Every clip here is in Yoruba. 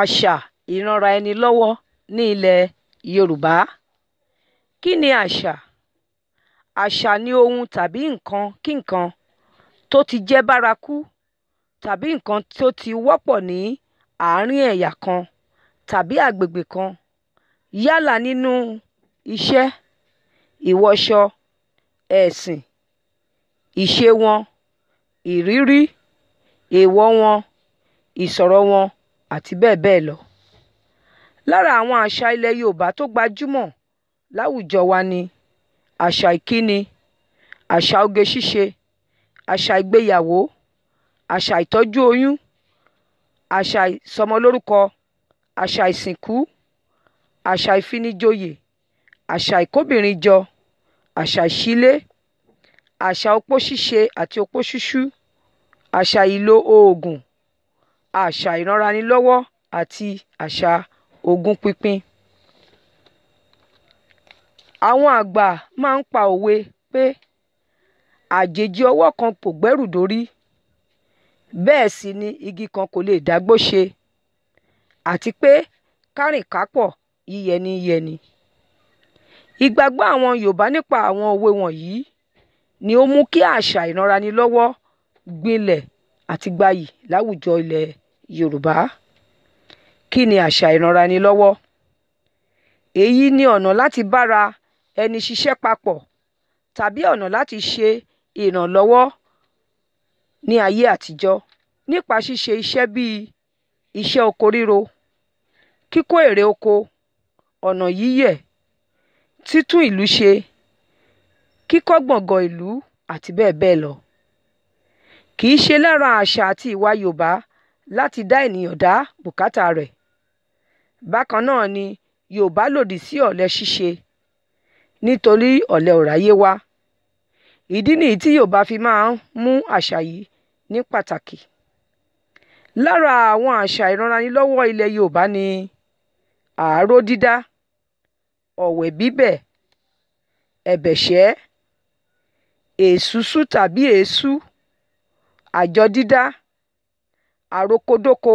Àṣà ìranraẹnilọ́wọ́ ní ilẹ̀ Yorùbá Kí ni àṣà? Àṣà ni ohun tàbí nǹkan-kí-nǹkan tó ti jẹ́ bárakú tàbí nǹkan tó ti wọ́pọ̀ ní àárín ẹ̀yà kan tàbí agbègbè kan yálà nínú iṣẹ́, ìwọṣọ, ẹ̀sìn, ìṣe wọn, ìrírí, èèwọ̀ wọn, ìsọ̀rọ̀ wọn àti bẹ́ẹ̀ bẹ́ẹ̀ lọ. Lára àwọn àṣà ilẹ̀ Yorùbá tó gbajúmọ̀ láwùjọ wa ni àṣà ìkíni, àṣà oge ṣíṣe, àṣà ìgbéyàwó, àṣà ìtọ́jú oyún, àṣà ìsọmọlórúkọ, àṣà ìsìnkú, àṣà ìfinijoyè, àṣà ìkóbìnrinjọ, àṣà ìṣílé, àṣà opó ṣíṣe àti opó ṣúṣú, àṣà ìlò oògùn àṣà ìranraẹnilọ́wọ́ àti àṣà ogún pínpín. Àwọn àgbà máa ń pa òwe pé àjèjì ọwọ́ kan kò gbẹ́rù dórí, bẹ́ẹ̀ sì ni igi kan kò lè dágbó ṣe àti pé kárìnkápọ̀ yíyẹni yẹni. Ìgbàgbọ́ àwọn Yorùbá nípa àwọn òwe wọ̀nyí ni ó mú kí àṣà ìranraẹnilọ́wọ́ gbilẹ̀ àti gbayì láwùjọ ilẹ̀ Yorùbá Kí ni àṣà ìranraẹnilọ́wọ́? Èyí ni ọ̀nà láti bára ẹni ṣiṣẹ́ papọ̀ tàbí ọ̀nà láti ṣe ìrànlọ́wọ́ ní ayé àtijọ́ nípa ṣíṣe iṣẹ́ bíi iṣẹ́ oko ríro, kíkó èrè oko, ọ̀nà yíyẹ̀, títún ìlú ṣe, kíkọ́ gbọ̀ngàn ìlú àti bẹ́ẹ̀ bẹ́ẹ̀ lọ. Kì í ṣe lára àṣà àti ìwà Yorùbá láti dá ènìyàn dá bùkátà rẹ̀. bákan náà ni yorùbá lòdì sí ọ̀lẹ ṣíṣe nítorí ọ̀lẹ ò ráyé wá ìdí nìyí tí yorùbá fi máa ń mú àṣà yìí ní pàtàkì. lára àwọn àṣà ìranranilọ́wọ́ ilẹ̀ yorùbá ni àáró dídá ọ̀wẹ̀ bíbẹ̀ ẹ̀bẹ̀ṣẹ́ èsúsú tàbí èésú àjọ dídá àròkodoko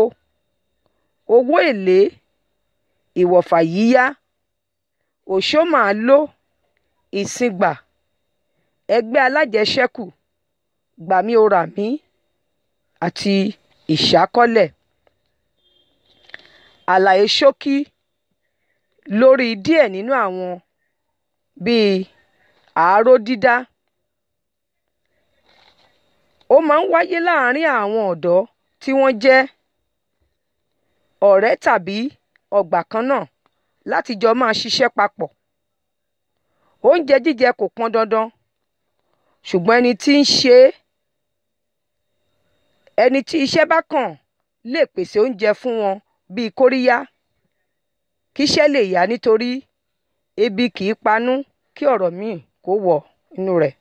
owó èlé ìwọ̀fà yíyá òṣómàálò ìsìngbà ẹgbẹ́ alájẹṣẹ́kù gbàmí ó mi àti ìṣákọ́lẹ̀. àlàyé ṣókí lórí díẹ̀ nínú àwọn bíi àárò dídá ó máa ń wáyé láàárín àwọn ọ̀dọ́ tí wọ́n jẹ́ ọ̀rẹ́ tàbí ọgbà kan náà láti jọ máa ṣiṣẹ́ papọ̀. Oúnjẹ jíjẹ kò pọn dandan, ṣùgbọ́n ẹni tí ń ṣe é, ẹni tí iṣẹ́ bá kàn lè pèsè oúnjẹ fún wọn bíi kóríyá, kíṣẹ́ lè yá nítorí ebi kìí panú kí ọ̀rọ̀ míì kó wọ inú rẹ̀.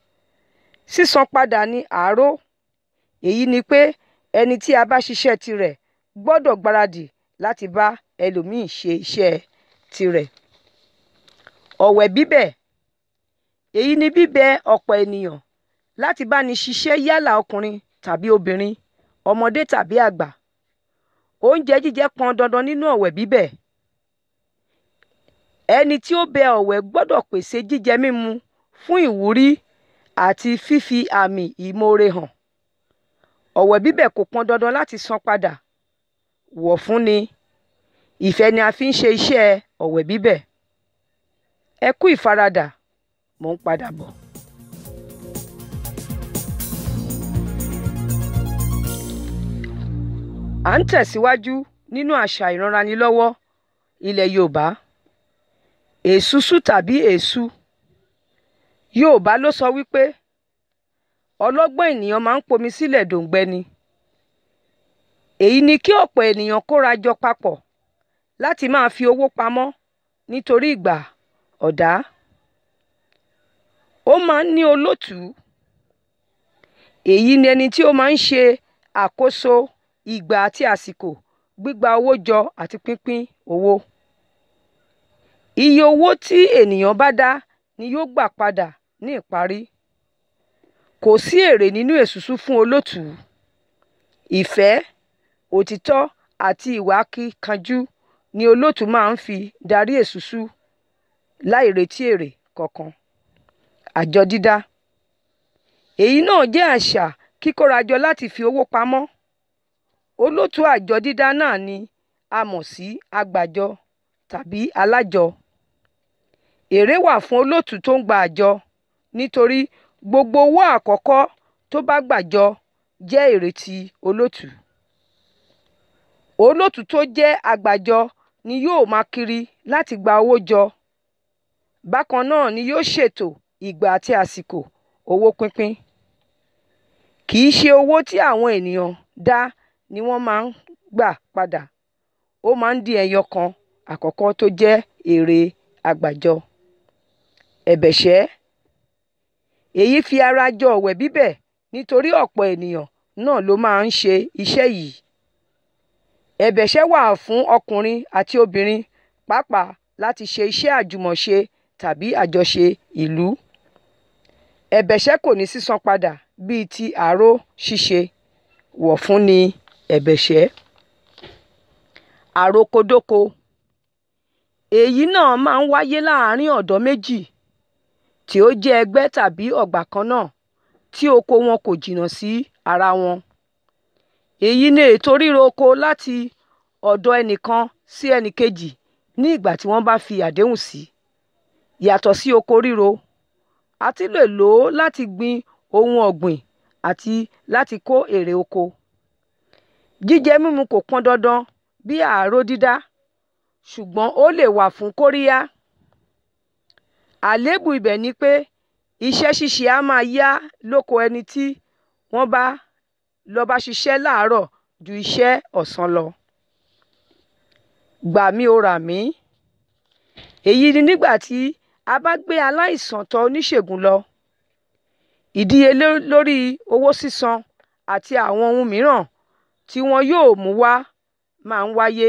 Sísan padà ni àárò, èyí ni pé ẹni tí a bá ṣiṣẹ́ tirẹ̀ gbọ́dọ̀ gbaradì láti bá ẹlòmíì ṣe iṣẹ́ tirẹ̀. Ọ̀wẹ̀ bíbẹ̀ èyí ni bíbẹ ọ̀pọ̀ ènìyàn láti báni ṣiṣẹ́ yálà ọkùnrin tàbí obìnrin, ọmọdé tàbí àgbà. Oúnjẹ jíjẹ pọn dandan nínú ọ̀wẹ̀ bíbẹ̀. Ẹni tí ó bẹ ọ̀wẹ̀ gbọ́dọ̀ pèsè jíjẹ mímu fún ìwúrí àti fífi àmì ìmoore hàn ọ̀wẹ̀ bíbẹ̀ kò pọn dandan láti san padà wọ̀ fúnni ìfẹ́ ni a fi ń ṣe iṣẹ́ ọ̀wẹ̀ bíbẹ̀ ẹ kú ìfaradà mò ń padà bọ̀. à ń tẹ̀síwájú nínú àṣà ìrànranilọ́wọ́ ilẹ̀ Yorùbá èsúsú tàbí èsú Yorùbá ló sọ wípé ọlọ́gbọ́n ènìyàn máa ń pomi sílẹ̀ dòǹgbẹ ni èyí ni kí ọ̀pọ̀ ènìyàn kóra jọ papọ̀ láti máa fi owó pamọ́ nítorí ìgbà ọ̀dá ó máa ń ní olótùú èyí ni ẹni tí ó máa ń ṣe àkóso ìgbà àti àsìkò gbígba owó jọ àti pínpín owó iye owó tí ènìyàn bá dá ni yóò gbà padà ní ìparí kò sí èrè nínú èṣùṣù fún olótùú ìfẹ́ òtítọ́ àti ìwà akíkanjú ni olótùú máa ń fi darí èṣùṣù láì retí èrè kankan àjọ dídá èyí náà jẹ́ àṣà kíkórajọ láti fi owó pamọ́ olótùú àjọ dídá náà ni a mọ̀ sí agbàjọ tàbí alájọ èrè wà fún olótùú tó ń gba àjọ nítorí gbogbo owó àkọ́kọ́ tó bá gbà jọ jẹ́ èrè ti olóòtú. olóòtú tó jẹ́ àgbàjọ ni yóò máa kiri láti gba owó jọ bákan náà ni yóò ṣètò ìgbà àti àsìkò owó pínpín. kì í ṣe owó tí àwọn ènìyàn dá ni wọ́n máa ń gbà padà ó máa ń di ẹyọ kan àkọ́kọ́ tó jẹ́ èrè àgbàjọ. ẹ̀bẹ̀ṣẹ́ èyí fi ara jọ ọ̀wẹ̀ bíbẹ̀ nítorí ọ̀pọ̀ ènìyàn náà ló máa ń ṣe iṣẹ́ yìí. ẹ̀bẹ̀ṣẹ̀ wà fún ọkùnrin àti obìnrin pàápàá láti ṣe iṣẹ́ àjùmọ̀ṣe tàbí àjọṣe ìlú. ẹ̀bẹ̀ṣẹ̀ kò ní sísan padà bíi ti àárò ṣíṣe wọ̀fún ni ẹ̀bẹ̀ṣẹ̀. àròkọdọ́kọ èyí náà máa ń wáyé láàárín ọ̀dọ́ méjì tí ó jẹ́ ẹgbẹ́ tàbí ọgbà kan náà tí oko wọn kò jìnnà sí ara wọn. Èyí ni ètò ríro oko láti ọ̀dọ̀ ẹnìkan sí ẹnìkejì ní ìgbà tí wọ́n bá fi àdéhùn sí. Yàtọ̀ sí oko ríro, a tún lè lò ó láti gbin ohun ọ̀gbìn àti láti kó èrè oko. Jíjẹ mímu kò pọn dandan bí àáró dídá, ṣùgbọ́n ó lè wà fún kóríyá. Àléébù ibẹ̀ ni pé iṣẹ́ ṣíṣe á máa yá lóko ẹni tí wọ́n bá lọ bá ṣiṣẹ́ láàárọ̀ ju iṣẹ́ ọ̀sán lọ. Gbà mí o rà mí. Èyí ni nígbà tí a bá gbé aláìsàn tọ oníṣègùn lọ. Ìdíyelé lórí owó sísan àti àwọn ohun mìíràn tí wọn yóò mú wá máa ń wáyé.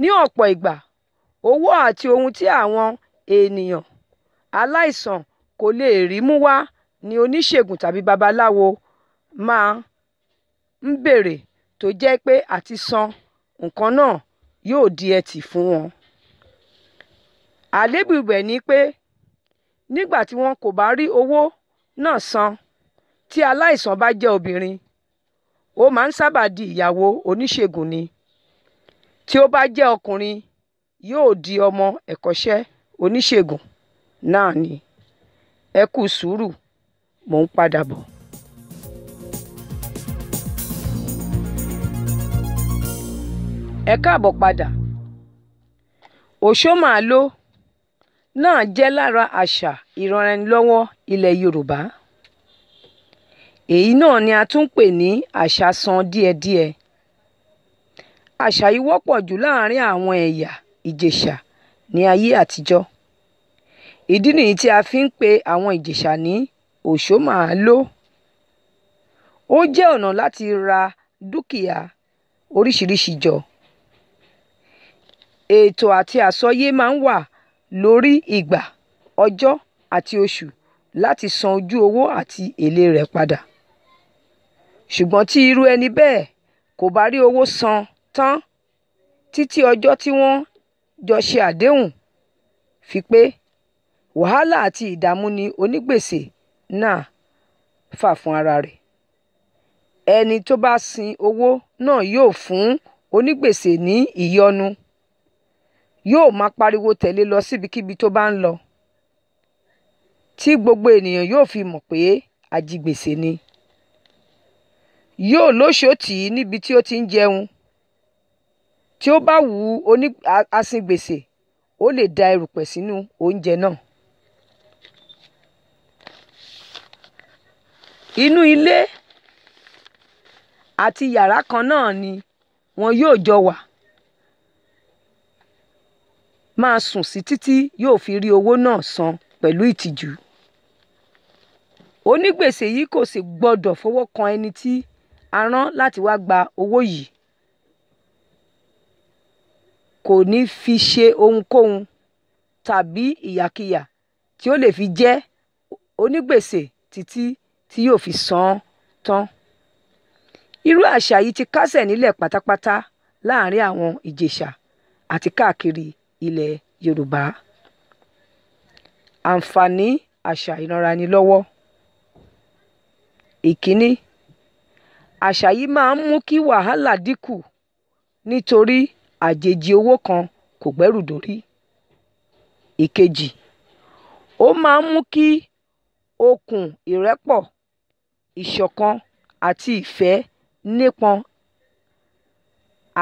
Ní ọ̀pọ̀ ìgbà, owó àti ohun tí àwọn ènìyàn aláìsàn kò lè rímú wá ni oníṣègùn tàbí babaláwo máa ń béèrè tó jẹ́ pé àti san nǹkan náà yóò di ẹ̀tì fún wọn. àléébù ibẹ̀ ni pé nígbà tí wọn kò bá rí owó náà san tí aláìsàn bá jẹ́ obìnrin ó máa ń sábà di ìyàwó oníṣègùn ni tí ó bá jẹ́ ọkùnrin yóò di ọmọ ẹ̀kọ́ṣẹ́ oníṣègùn náà ni ẹ kú sùúrù mò ń padà bọ̀. ẹ káàbọ̀ padà òṣómàáló náà jẹ́ lára àṣà ìrànlọ́wọ́ ilẹ̀ Yorùbá èyí náà ni a tún pè ní àṣà san díẹ̀díẹ̀ àṣà yìí wọ́pọ̀ jù láàárín àwọn ẹ̀yà Ìjẹ̀ṣà ní ayé àtijọ́ ìdí nìyí tí a fi ń pe àwọn ìjẹ̀ṣà ní òṣómàálò ó jẹ́ ọ̀nà láti ra dúkìá oríṣiríṣi jọ ètò àti àsọyé máa ń wà lórí ìgbà ọjọ́ àti oṣù láti san ojú owó àti èlé rẹ̀ padà ṣùgbọ́n tí irú ẹni bẹ́ẹ̀ kò bá rí owó san tán títí ọjọ́ tí wọ́n jọ ṣe àdéhùn fi pé Wàhálà àti ìdààmú ni onígbèsè náà fà fún ara rẹ̀. Ẹni tó bá sin owó náà yóò fún onígbèsè ní ìyọnu, yóò máa pariwo tẹ̀lé e lọ síbikíbi tó bá ń lọ, tí gbogbo ènìyàn yóò fi mọ̀ pé ajigbèsè ni. Yóò lóṣòótì níbi tí ó ti ń jẹun. Tí ó bá wu aṣingbèsè, ó lè da erùpẹ̀ sínú oúnjẹ náà. inú ilé àti yàrá kan náà ni wọn yóò jọ wá máa sùn sí títí yóò fi rí owó náà san pẹ̀lú ìtìjú onígbèsè yìí kò sì gbọ́dọ̀ fọwọ́ kan ẹni tí a rán láti wá gba owó yìí kò ní fi ṣe ohunkóhun tàbí ìyàkíyà tí ó lè fi jẹ onígbèsè títí tí yóò fi san án tán. irú àṣà yìí ti kásẹ̀ nílẹ̀ pátápátá láàrin àwọn ìjẹ̀ṣà àti káàkiri ilẹ̀ yorùbá. àǹfààní àṣà ìranraẹnilọ́wọ́. ìkíní àṣà yìí máa ń mú kí wàhálà dínkù nítorí àjèjì owó kan kò gbẹ́rù dórí. ìkejì ó máa ń mú kí okùn ìrẹ́pọ̀ ìṣọ̀kan àti ìfẹ́ nípọn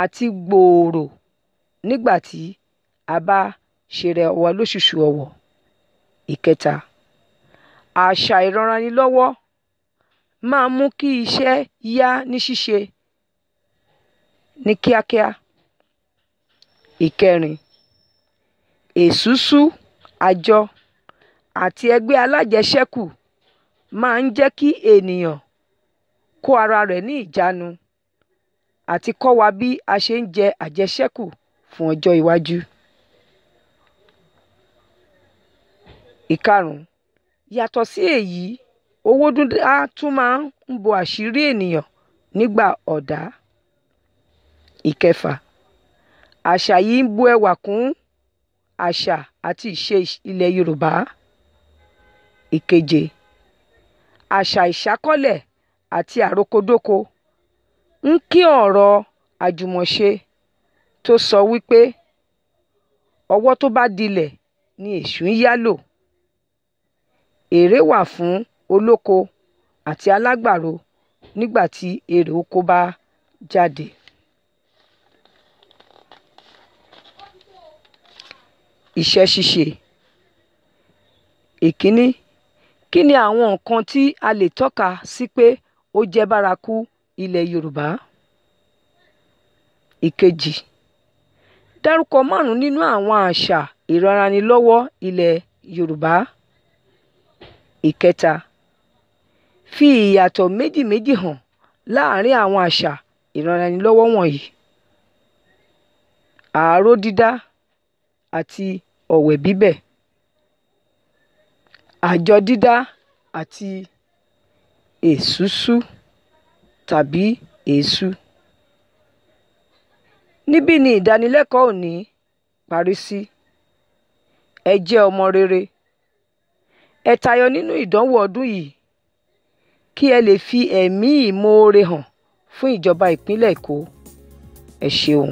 àti gbòòrò nígbà tí a bá ṣera wa lóṣùṣù ọwọ̀. Ìkẹta, àṣà ìranraẹnilọ́wọ́ máa ń mú kí iṣẹ́ yá ní ṣíṣe ní kíákíá. Ìkẹrin, èsúsú àjọ àti ẹgbẹ́ alájẹṣẹ́kù máa ń jẹ́ kí ènìyàn kó ara rẹ̀ ní ìjánu àti kọ́ wa bí a ṣe ń jẹ àjẹṣẹ́kù fún ọjọ́ iwájú. Ìkarùn-ún yàtọ̀ sí èyí owó dídá tún máa ń bo àṣírí ènìyàn nígbà ọ̀dá. Ìkẹfà àṣà yìí ń bu ẹwà kún àṣà àti ìṣe ilẹ̀ Yorùbá. Ìkeje àṣà ìṣàkọọ́lẹ̀ àti àrokodóko ń kí ọ̀rọ̀ àjùmọ̀ṣe tó sọ wípé ọwọ́ tó bá dilẹ̀ ni èṣù ń yá lò èrè wà fún olóko àti alágbàro nígbà tí èrè oko bá jáde. iṣẹ́ ṣíṣe èkíní Kí ni àwọn nǹkan tí a lè tọ́ka sí pé ó jẹ́ bárakú ilẹ̀ Yorùbá? Ìkejì, dárúkọ márùn-ún nínú àwọn àṣà ìranraẹnilọ́wọ́ ilẹ̀ Yorùbá. Ìkẹta, fi ìyàtọ̀ méjì-méjì hàn láàárín àwọn àṣà ìranraẹnilọ́wọ́ wọ̀nyí: Àáró dídá àti ọ̀wẹ̀ bíbẹ̀ àjọ dídá àti èsusú tàbí èéṣú. Níbí ni ìdánilẹ́kọ̀ọ́ òní parí sí. Ẹ jẹ́ ọmọ rere. Ẹ tayọ nínú ìdánwò ọdún yìí kí ẹ lè fi ẹ̀mí ìmoore hàn fún ìjọba ìpínlẹ̀ Èkó. Ẹ ṣeun.